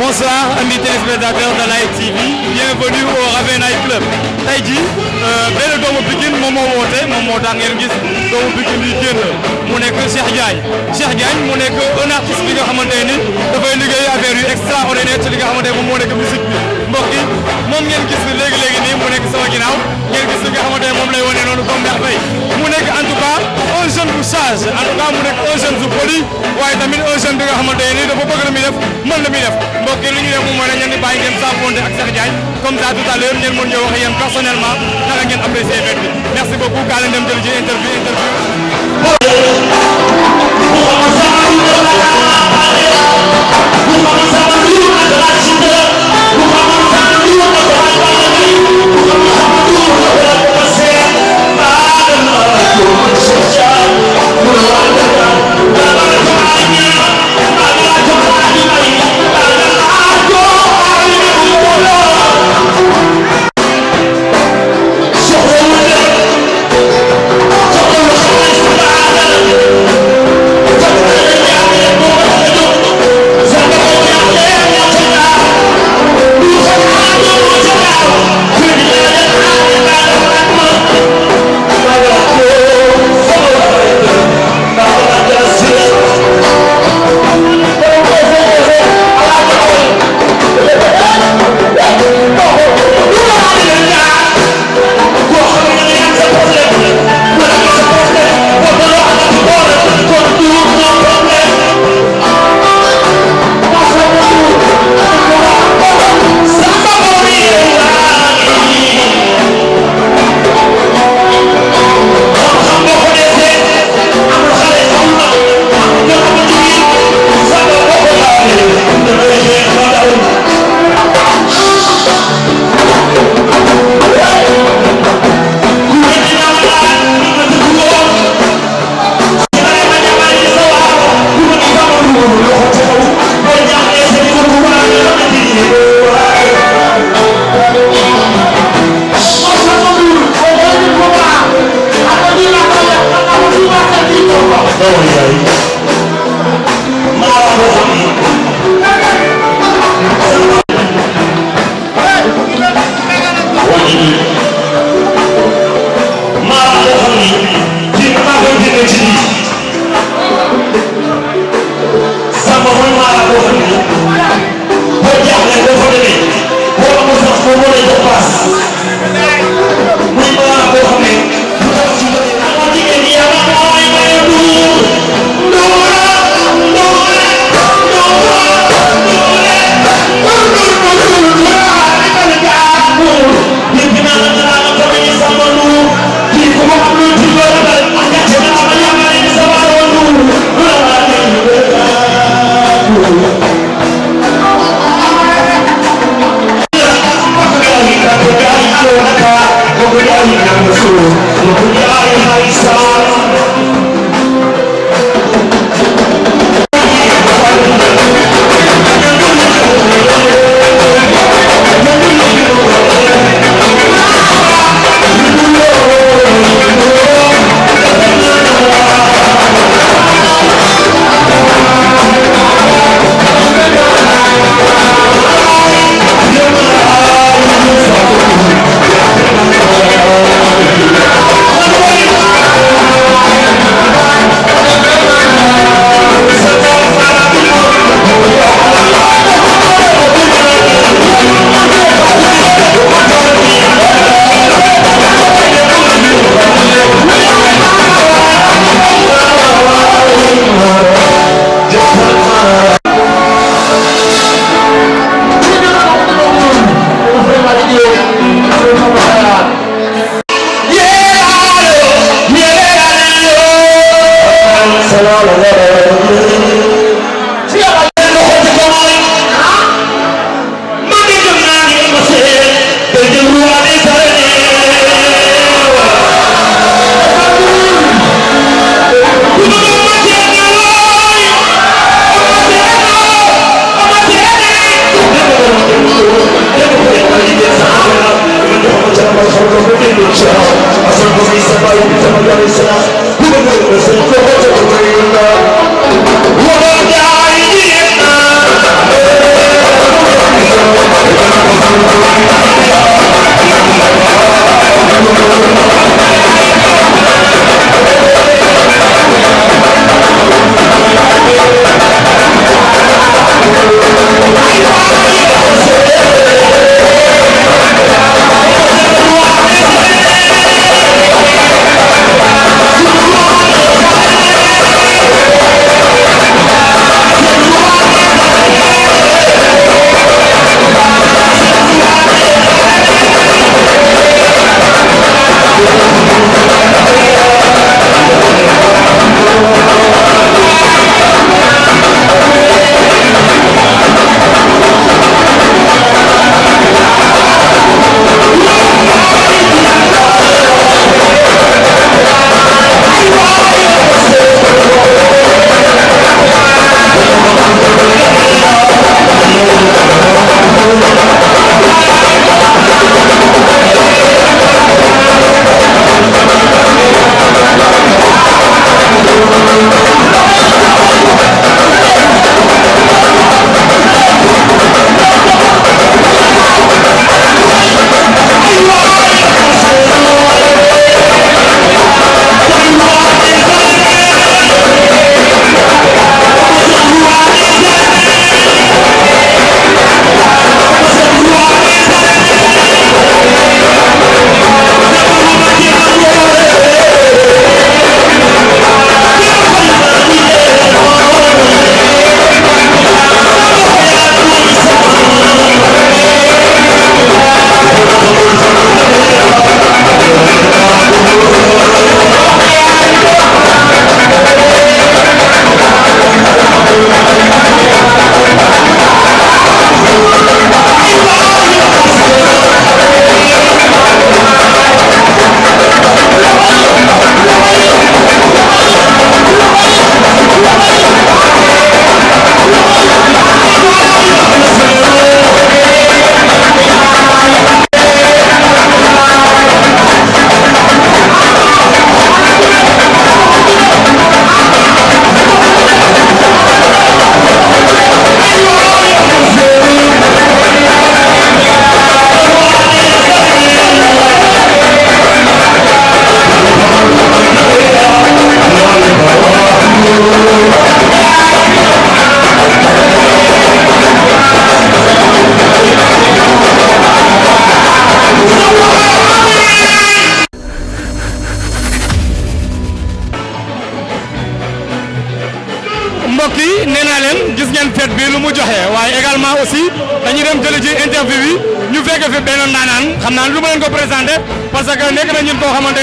Bonsoir amis téléspectateurs de Live TV, bienvenue au Raven Night Club. tey jii euh, benn doomu Pikine moom moo woote moom moo tax ngeen gis doomu Pikine yi génn mu nekk Cheikh Diagne Cheikh Diagne mu nekk un artiste nga xamante ni dafay liggéey affaire yu extraordinaire ci li nga xamante moom moo nekk musique bi mbokk yi moom ngeen gis léegi léegi nii mu nekk sama ginnaaw ngeen gis li nga xamante ne moom lay wane noonu comme merveille mu nekk en tout cas un jeune bu sage en tout cas mu nekk un jeune bu poli waaye tamit un bi nga xamante personnellement naka ngeen apprécié fête bi merci beaucoup kaa leen dem jël ci interview interview Don't worry, buddy. ولا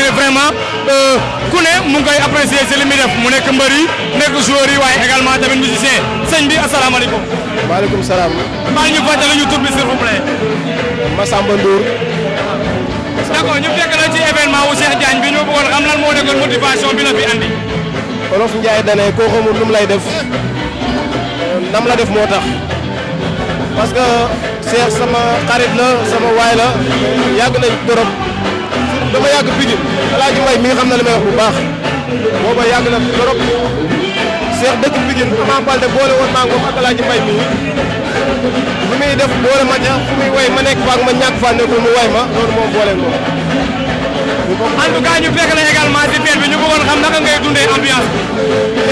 xamante ne euh, ku ne mu ngi koy apprécier si li muy mu nekk mbër yi nekk joueur yi waaye également tamit musicien sëñ bi asalaamaaleykum. maaleykum salaam. maa ñu fàttali ñu tur bi s'il vous plaît. Massamba Ndour. d'accord ñu fekk la ci événement wu Cheikh Diagne bi ñu bëggoon xam lan moo nekkoon motivation bi la fi andi. Olof Ndiaye da ne koo xamul mu lay def nam la def moo tax parce que sama xarit la sama waay la yàgg nañ trop. dama yàgg Pikine El Hadj Mbaye mi nga xam ne li may wax bu baax booba yàgg na trop Cheikh dëkk Pikine Ama Baldé boole woon maa ngoom ak El Hadj Mbaye mii fu muy def boole ma ñaax fu muy way ma nekk faak ma ñàkk faa nekkul mu way ma loolu moom boole moom. en tout cas ñu fekk la également ci bi ñu bëggoon xam naka ngay dundee ambiance bi.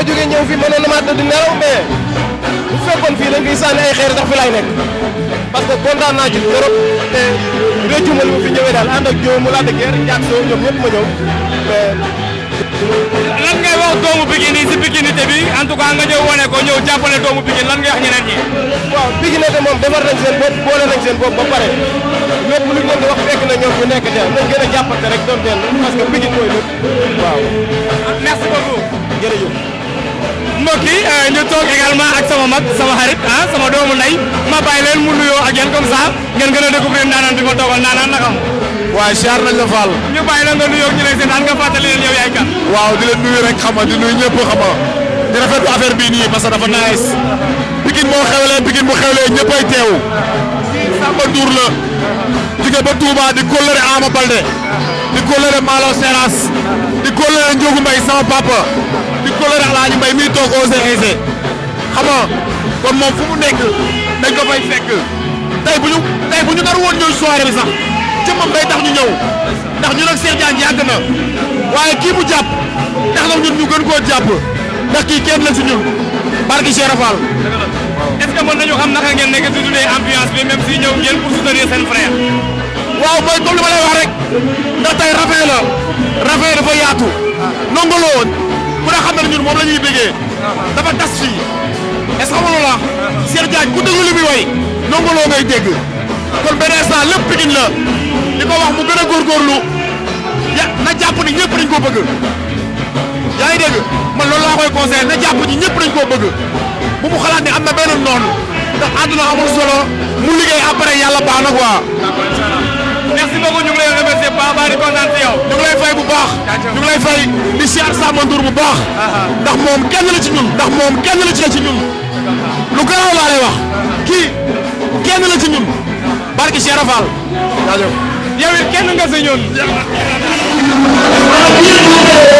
laa jógee ñëw fi mënoon a maa tëdd nelaw mais bu fekkoon fii lañ koy sànni ay xeer sax fi lay nekk parce que kontaan naa ci trop te réccu ma li ma fi ñëwee daal ànd ak Diop mu laata gerte jàpp si ñoom ñëpp ma ñëw mais. lan ngay wax doomu Pikine yi bi en tout cas nga ñëw ko ñëw jàppale doomu Pikine lan ngay wax ñeneen ñi. waaw pikinité moom defar nañ seen bopp boole nañ seen bopp ba pare lépp lu ñu wax fekk na ñoom ñu nekk teel nañ gën a jàppante rek doon teel parce que Pikine mooy lépp waaw. Ah, merci beaucoup jërëjëf. mbokk yi euh, ñu toog ak sama mag sama xarit ah sama doomu nday ma bàyyi leen mu nuyoo ak yéen comme ça ngeen gën a découvrir ndaanaan bi ma toogal ndaanaan naka am. waaw siyaar nañ la Fall. ñu la nga nuyoo ñu lay nga fàttali leen yow yaay kan. waaw di leen nuyu rek xama di nuyu ñëpp xama di rafetlu affaire bii nii parce que dafa nice. Pikine moo xewlee Pikine bu xewlee ñëpp ay teew. Samba Ndour la. jóge ba Touba di kóllëre Ama Balde. di kóllëre Malo Seras. di kóllëre Ndiogu Mbaye sama papa. kóllëre Alaaji Mbay mi toog OCS xam nga kon moom fu mu nekk dañ ko fay fekk tey bu ñu tey bu ñu nar woon ñëw soirée bi sax ca moom day tax ñu ñëw ndax ñun ak Cheikh yàgg na waaye kii bu jàpp tax na ñun ñu gën koo jàpp ndax kii kenn la si ñun barki Cheikh Rafal. est ce que mën nañu xam naka ngeen nekk di dundee ambiance bi même si ñëw ngeen pour soutenir seen frère. waaw mooy comme li ma lay wax rek ndax tey rafet la rafet dafa yaatu. nangoloo ku ne xam na ñun moom la ñuy bégee dafa tas fii est-ce que xam nga loolu laa Cheikh Diagne ku déglu li muy way nongoloo ngay dégg kon benn instant lépp Pikine la li ko wax mu gën a góorgóorlu ya na jàpp ni ñëpp dañ koo bëgg yaa ngi dégg man laa koy conseillé na jàpp ni ñëpp dañ koo bëgg bu mu xalaat ne am na benn noonu ndax àdduna amul solo mu liggéey après yàlla baax na baax baax di ñu lay fay bu baax. ñu ngi lay fay di siyaar Samba bu baax. dax moom kenn la ci ñun. ndax moom kenn la ci ñun. lu garaaw laa lay wax. kii kenn la ci ñun. barke Cheikh Fall. jaajëf kenn nga si ñun.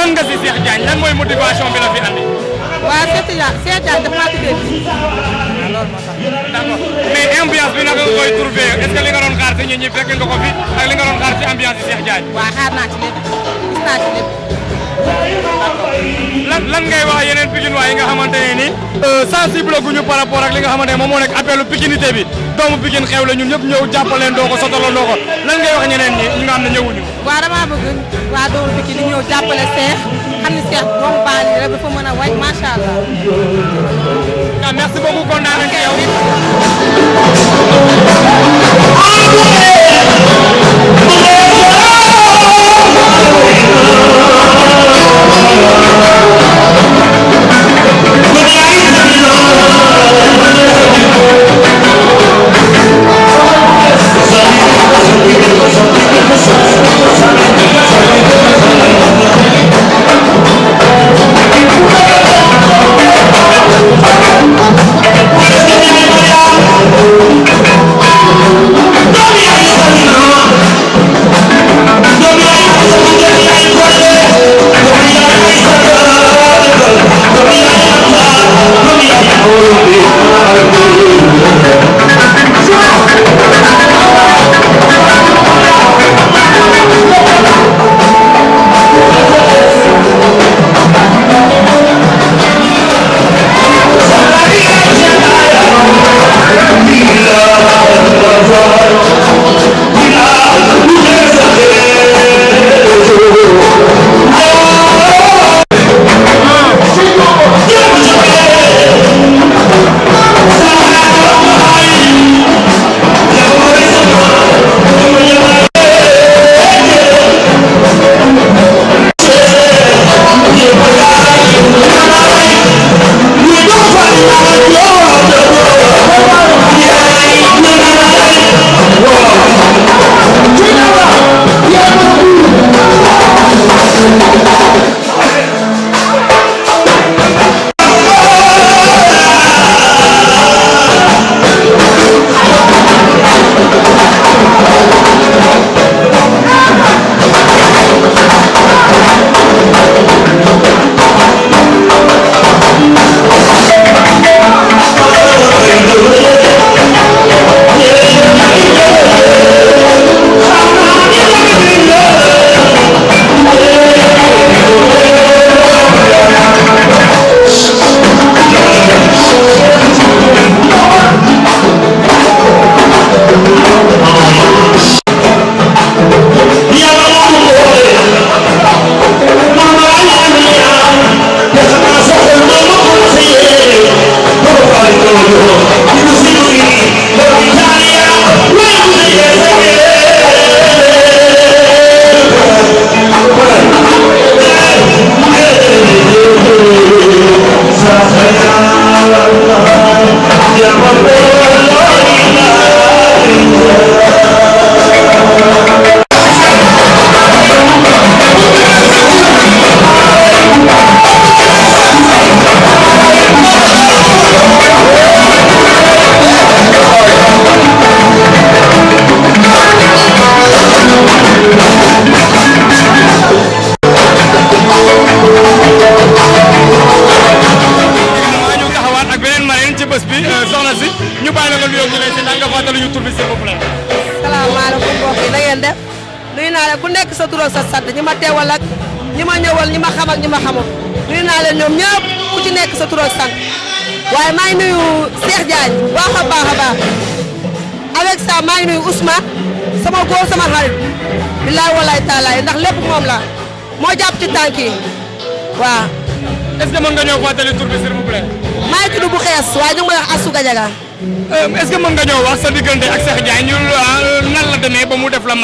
lan nga si Cheikh Diagne lan mooy motivation bi la fi andi. waaw Cheikh Diagne Cheikh Diagne dafa maa tuddee bi. Ah, loolu moo tax. d'accord mais ambiance bi naka nga koy trouvé est-ce que li nga doon xaar si ñun ñëpp fekk nga ko fi ak li nga doon xaar si ambiance yi Cheikh Diagne. waaw xaar naa ci lépp gis naa ci lépp. lan lan ngay wax yeneen Pikine waay yi nga xamante ne ni euh, sensible guñu par rapport ak li nga xamante ne moom moo nekk appelu pikinité bi doomu Pikine xew la ñun ñëpp ñëw jàppaleen doo ko sotaloo doo ko lan ngay wax ñeneen ñi ñu nga xam ne ñëwuñu waaw dama bëgg waa doomu Pikine ñëw jàppale Seex xam ne Seex moom baal la dafa mën a way macha allah ah, merci beaucoup kontaan nekk sa tur ak waaye maa nuyu Cheikh Diagne baax a baax a baax avec ça maa ngi nuyu Ousmane sama góor sama xarit a walaay taalaay moo jàpp ci tànk yi waaw. est-ce que mën nga ñëw fàttali tur bi s'il vous euh, que mën nga ñëw sa diggante ak Cheikh Diagne ñu euh, nan mu def la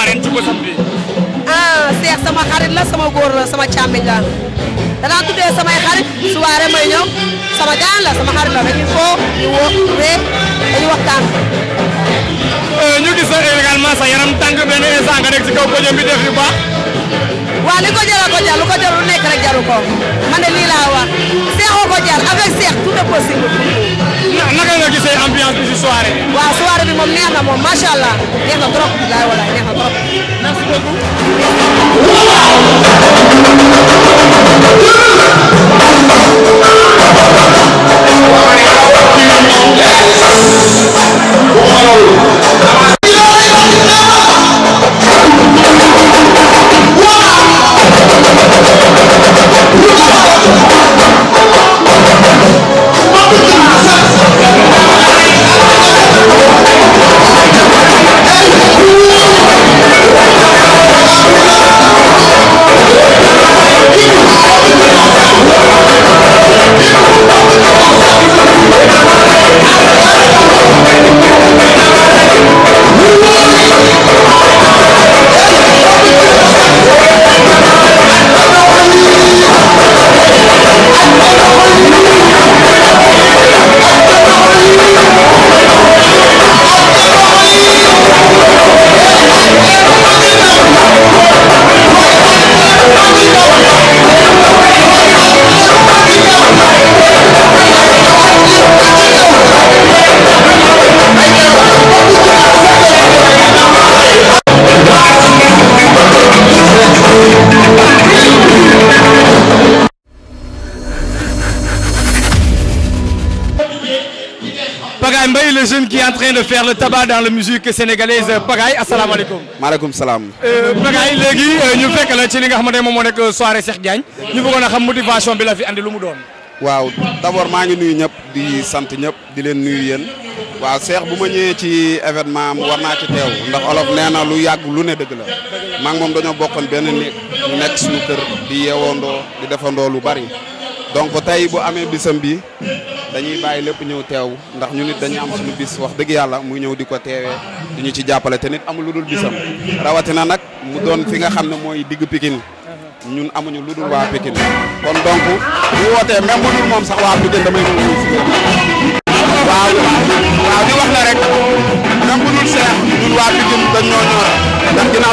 ah, sama xarit la sama danaa tuddee samay xarit soirée may ñëw sama gaan la sama xarit la rek il faut ñu woo ree dañu waxtaan. Euh, ñu gis sa également sa yaram tàng benn instant nga nekk ci kaw bi def yu baax. waaw li ko jaral ko lu ko lu nekk rek jaru ko man de lii laa wax seexoo ko jar avec seex tout est possible. naka nga gisee ambiance bi ci soirée. waaw soirée bi moom neex na moom macha allah neex na trop. walaay walaay neex na trop. merci beaucoup. Vamos lá, train de faire le tabac dans la musique sénégalaise Pagaye asalaamaaleykum. maaleykum salaam. Euh, Pagaye léegi euh, ñu fekk la ci li nga xamante ne moom moo nekk soirée Cheikh Diagne ñu bëggoon a xam motivation bi la fi andi lu mu doon. waaw d'abord maa ngi nuyu ñëpp di sant ñëpp di leen nuyu yéen waaw Cheikh bu ma ñëwee ci événement am war naa ci teew ndax olof nee na lu yàgg lu ne dëgg la maa ngi moom dañoo bokkoon benn nit ñu nekk suñu kër di yeewoondoo di defandoo lu bari. donc tey bu amee bisam bi dañuy bàyyi lépp ñëw teew ndax ñu nit dañu am suñu bis wax dëgg yàlla muy ñëw di ko teewee di ñu ci jàppale te nit amul lu dul bisam rawatina nag mu doon fi nga xam ne mooy digg Pikine ñun amuñu lu dul waa Pikine kon donc bu wootee même dul moom sax waa Pikine damay bu dul seex ñun waa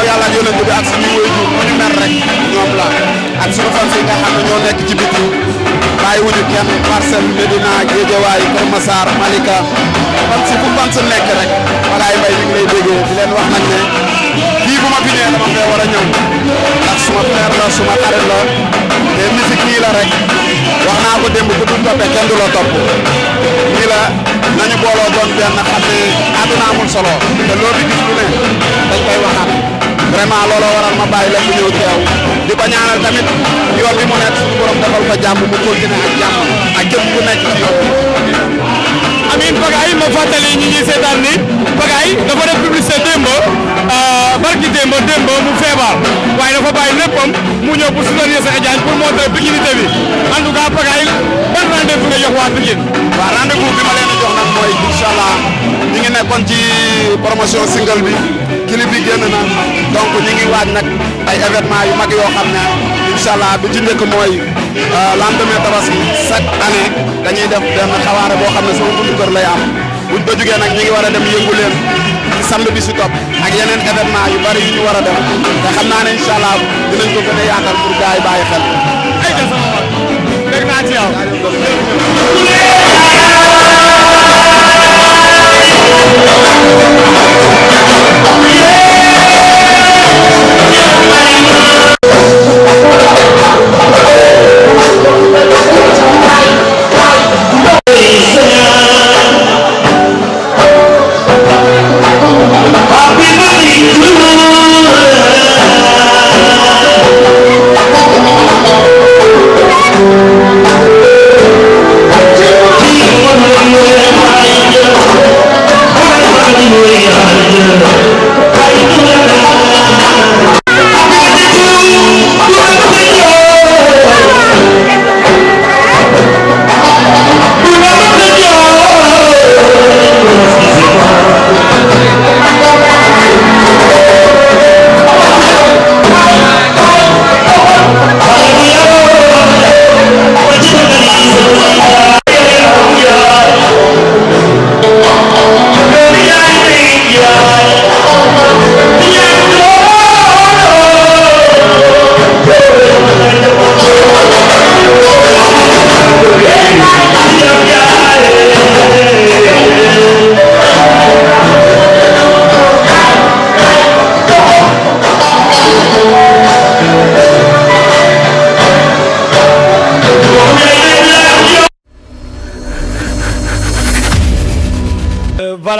yàlla ak yonent bi ak suñu wéy ju ñu mer rek ñoom la ak suñu fan si nga bàyyi wuñu kenn Parcelles Médina Guédiawaye Kër Massar Malika fan si fu fan si rek Falaye Mbaye mi ngi lay déggee wax nag ne kii bu ma fi nee dama fee war a ñëw ndax suma frère la suma xarit la te musique nii la rek wax naa ko démb bu dul toppee kenn du la topp nii nañu booloo doon benn xam ne àdduna amul solo te loolu gis lu ne dañ koy waxaat vraiment looloo waral ma bàyyi lépp ñëw teew di ko ñaanal tamit yoon bi borom defal ko mu continuer ak jàmm ak ku nekk ci yoon amiin ma fàttali ñi ñuy seetaan ni Pagaye dafa def publicité démb euh, barki démb démb mu feebar waaye dafa bàyyi léppam mu ñëw pour soutenir Cheikh Diagne pour montrer dignité bi en tout cas Pagaye ban rendez-vous waa Pikine waaw rendez-vous bi ma leen a jox nag mooy incha allah ñu ngi nekkoon ci promotion single bi clip bi génn na donc ñu ngi waaj nag ay événement yu mag yoo xam ne incha allah bi ci njëkk mooy euh, lendemain tabaski chaque année dañuy def benn xawaare boo xam ne sama buntu kër lay jugee nag ñu ngi war a dem yëngu leen samedi bi si topp ak yeneen événement yu bari yu ñu war a def te xam naa ne incha dinañ ko gën a yaatal pour xel.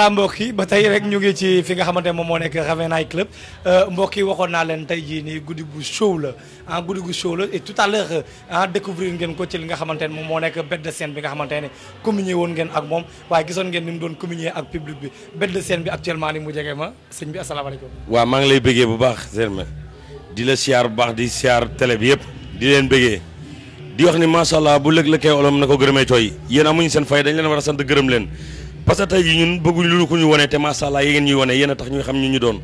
voilà mbokk ba tey rek ñu ngi ci fi nga xamante moom moo nekk Raven Night Club euh, mbokk waxoon naa leen tey jii nii guddi gu show la ah guddi gu show la et tout à l'heure ah, découvrir ngeen ko ci li nga xamante ne moom moo nekk bête de scène bi nga xamante ne communier woon ngeen ak moom waaye gisoon ngeen ni mu doon communier ak public bi bête de bi actuellement ni mu jege ma sëñ bi asalaamaaleykum. waaw maa ngi lay bëggee bu baax Germain di la siyaar bu baax di siyaar télé yëpp di leen bëggee ni macha allah bu lëg-lëg kay olom na ko gërëmee parce que tey jii ñun bëgguñ lu ko ñu wone te macha allah yi ngeen ñuy wone yéen tax ñu xam ñu ñu doon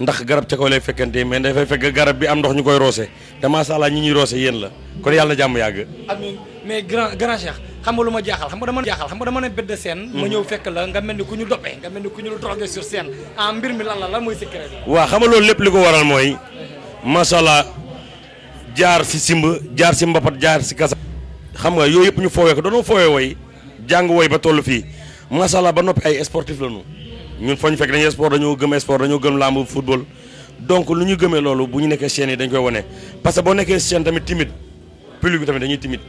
ndax garab ca kaw lay fekkante mais dafay fekk garab bi am ndox ñu koy roose te macha allah ñi ñuy roose yéen la kon yàlla jàmm yàgg. amiin mais grand xam nga lu ma jaaxal xam nga dama xam nga dama ne bedd scène ma hmm. ñëw fekk la nga mel ni ku ñu doppee nga mel ni ku ñu drogué sur scène ah mbir mi lan la lan mooy secret bi. waaw xam nga loolu lépp li ko waral mooy macha allah jaar si simb jaar si mbapat jaar si kasa xam nga yooyu yëpp ñu foowee ko doonoo foowee woy jàng woy ba toll fii macha allah ba noppi ay sportif la ñu ñun fa ñu fekk dañuy sport dañoo gëm sport dañoo gëm làmb football donc lu ñu gëmee loolu bu ñu nekkee chaîne yi dañ koy wane parce que boo nekkee chaîne tamit timide public bi tamit dañuy timide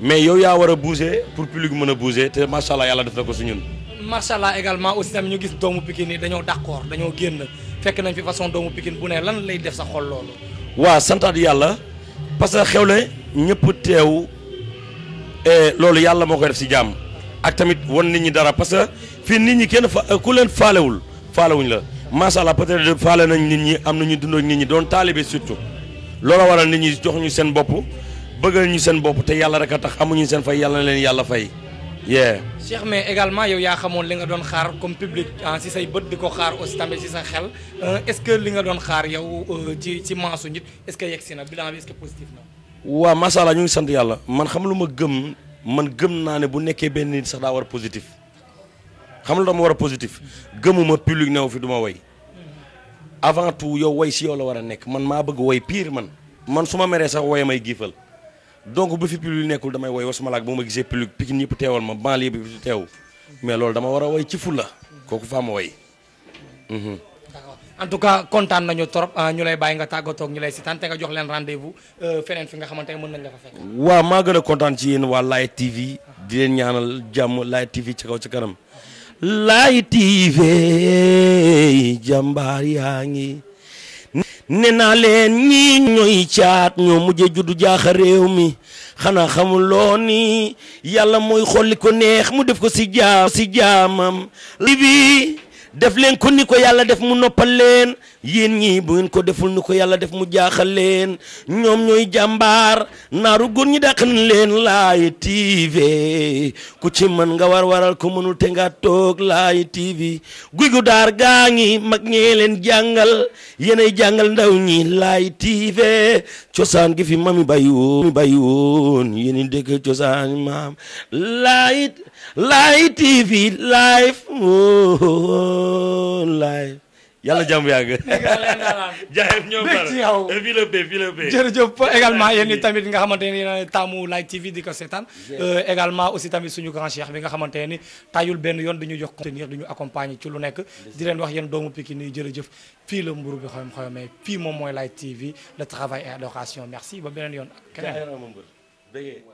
mais yow yaa war a bouger pour public mën a bouger te macha allah yàlla def na ko si ñun. macha allah également aussi tamit ñu gis doomu Pikine yi dañoo d'accord dañoo génn fekk nañ fi façon doomu Pikine bu ne lan lay def sa xol loolu. waaw santaat yàlla parce que xewle ñëpp teew loolu yàlla moo koy si jàmm. ak tamit wan nit ñi dara parce que fii nit ñi kenn fa euh, ku leen faalewul faalewuñ la macha allah peut-être faale nañ nit ñi am nañu dund ak nit ñi doon taalibe surtout loolu waral nit ñi jox ñu seen bopp bëggal ñu seen bopp te yàlla rek a tax amuñu seen fay yàlla na leen yàlla fay. yeah. Cheikh mais également yow yaa xamoon li nga doon xaar comme public ah, si say bët di ko xaar aussi tamit si sa xel euh, est-ce que li nga doon xaar yow euh, ci ci maasu nit est-ce que yegg si na bilan bi est yàlla man xam lu ma man gëm naa ne bu nekkee benn nit sax daa war positif xam la dama war a positif gëmuma public new fi du woy avant tout yow woy si yow la war a nekk man maa bëgg woy piir man man su ma meree sax woy may giifal donc bu fi public nekkul damay woy wasuma laak bu ma gisee public Pikine ñëpp teewal ma banlieue bi teew mais loolu dama war a woy ci fulla kooku faa ma woy mhm. en tout cas kontaan nañu trop euh, ñu lay bàyyi nga tàggatoo ak ñu lay sitaan te nga jox leen rendez euh, feneen fi nga xamante ne mën nañ la fa fekk. waaw maa gën a kontaan ci yéen waa Light TV di leen ñaanal jàmm TV ci kaw ci TV jàmbaar yaa ngi. ne leen ñii ñooy caat ñoo mujjee juddu jaaxa mi xanaa xamuloo ni yàlla mooy xolli ko neex mu def ko si jaamam li bi def leen ko ni ko yàlla def mu noppal leen yéen ñii bu ngeen ko deful ni ko yàlla def mu jaaxal leen ñoom ñooy jàmbaar naaru góor ñi dàq na leen Laye TV ku ci mën nga war waral ko mënul te nga toog Laye TV guy gu daar gaa ngi mag ñee leen jàngal yéenay jàngal ndaw ñi Laye TV cosaan gi fi ma bayi woon mi woon yéen dégg cosaan maam Laye Laye TV live oh live yàlla jàmm yàgg. jaayef ñoom dara ci yow eh, fii la bee fii la bee jërëjëf également yéen ñi tamit nga xamante ne TV di ko seetaan euh, également aussi tamit suñu grand cheikh bi nga xamante ne tayul benn yoon di ñu jox contenir di ñu accompagner ci lu nekk di leen wax yéen doomu Pikine yi jërëjëf fii la mburu bi xoyom xoyomee fii moom mooy Live TV le travail et l'éducation merci ba beneen yoon ak keneen